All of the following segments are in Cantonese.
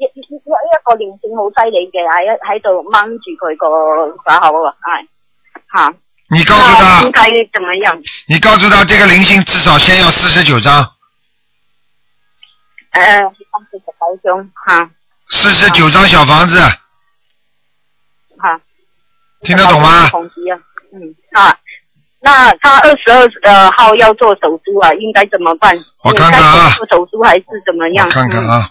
一一個零星好犀利嘅，喺喺度掹住佢個把口啊！係吓，你告訴他應該怎麼樣？你告訴他，這個零星至少先要四十九張。嗯、呃，四四十九張小房子。好、啊。聽得懂嗎？統計啊，嗯，好。那他二十二號要做手術啊，應該怎麼辦？我看看啊。做手術還是怎麼樣？看看啊。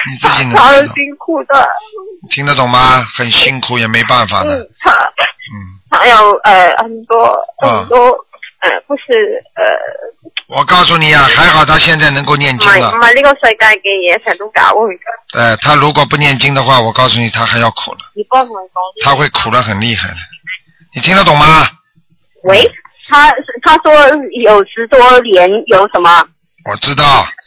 他自己他他很辛苦的，聽得懂嗎？很辛苦也沒辦法的。嗯，他嗯，他有呃很多很多、哦、呃，不是呃。我告訴你啊，還好他現在能夠念經了。唔那唔係呢個世界嘅嘢成都搞唔到。誒、呃，他如果不念經的話，我告訴你他還要苦了。你告訴他會苦得很厲害 你聽得懂嗎？喂，他他說有十多年有什麼？我知道。